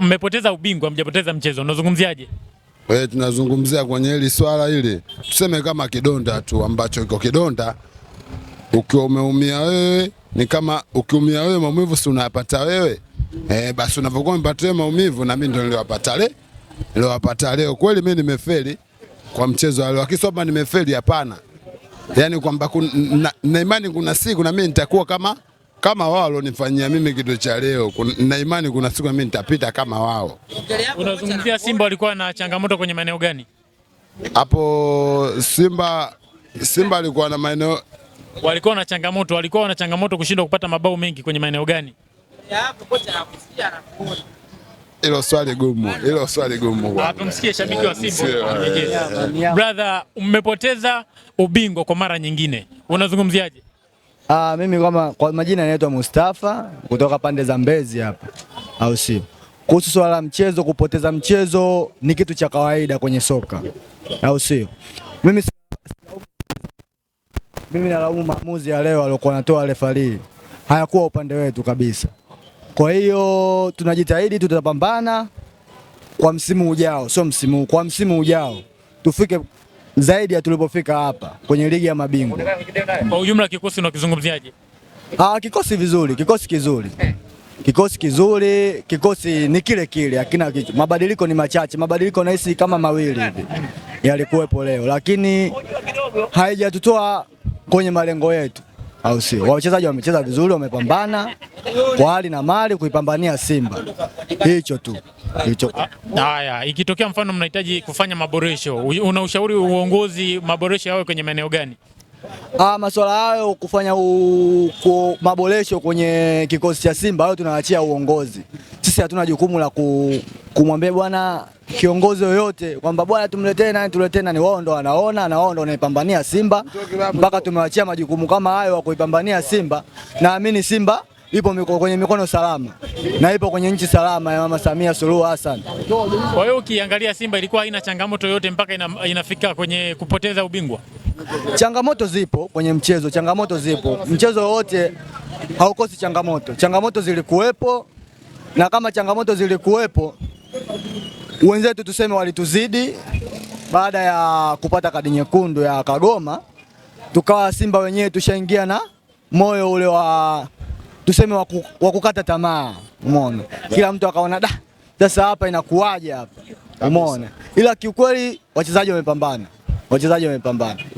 mmepoteza ubingwa, mjapoteza mchezo, unazungumziaje? Wewe eh, tunazungumzia kwenye hili swala hili, tuseme kama kidonda tu ambacho iko kidonda, ukiwa umeumia wewe ni kama ukiumia wewe maumivu si unayapata wewe e, basi unapokuwa umepata wewe maumivu na mimi ndio niliyopata leo, niliyopata leo. Kweli mimi nimefeli kwa mchezo wa leo, akisoma nimefeli hapana, yani kwamba na imani kuna siku na mimi nitakuwa kama kama wao walonifanyia mimi kitu cha leo, na imani kuna siku mimi nitapita kama wao. Unazungumzia Simba walikuwa na changamoto kwenye maeneo gani hapo? Simba Simba alikuwa na maeneo, walikuwa na changamoto, walikuwa na changamoto kushindwa kupata mabao mengi kwenye maeneo gani? Hilo swali gumu, hilo swali gumu. Ah, tumsikie shabiki wa Simba. Eh. Brother, mmepoteza ubingwa kwa mara nyingine, unazungumziaje? Ah, mimi kama kwa majina naitwa Mustafa kutoka pande za Mbezi hapa, au sio? Kuhusu swala la mchezo, kupoteza mchezo ni kitu cha kawaida kwenye soka, au sio? Mimi mimi nalaumu maamuzi ya leo aliokuwa anatoa refarii, hayakuwa upande wetu kabisa. Kwa hiyo tunajitahidi, tutapambana kwa msimu ujao, sio msimu, kwa msimu ujao tufike zaidi ya tulipofika hapa kwenye ligi ya mabingwa. Kwa ujumla kikosi unakizungumziaje? Ah, kikosi vizuri, kikosi kizuri kikosi kizuri, kikosi ni kile kile, hakina Mabadiliko ni machache, mabadiliko nahisi kama mawili hivi yalikuwepo leo, lakini haijatutoa kwenye malengo yetu au sio? Wachezaji wamecheza vizuri, wamepambana kwa hali na mali kuipambania Simba, hicho tu hicho. Haya, ikitokea mfano mnahitaji kufanya maboresho, una ushauri uongozi maboresho yawe kwenye maeneo gani? Ah, masuala hayo kufanya u, ku, maboresho kwenye kikosi cha Simba hayo tunaachia uongozi. Sisi hatuna jukumu la ku, kumwambia bwana kiongozi yoyote kwamba bwana tumletee nani tuletee nani, wao ndo wanaona na wao ndo wanaipambania Simba mpaka tumewachia majukumu kama hayo wa kuipambania Simba. Naamini Simba ipo miko, kwenye mikono salama na ipo kwenye nchi salama ya Mama Samia Suluhu Hassan. Kwa hiyo ukiangalia Simba ilikuwa haina changamoto yoyote mpaka ina, inafika kwenye kupoteza ubingwa. Changamoto zipo kwenye mchezo, changamoto zipo mchezo wowote haukosi changamoto. Changamoto zilikuwepo na kama changamoto zilikuwepo wenzetu tuseme walituzidi baada ya kupata kadi nyekundu ya Kagoma, tukawa Simba wenyewe tushaingia na moyo ule wa tuseme wa kukata tamaa, umeona. Kila mtu akaona da, sasa hapa inakuwaje hapa, umeona. Ila kiukweli wachezaji wamepambana, wachezaji wamepambana.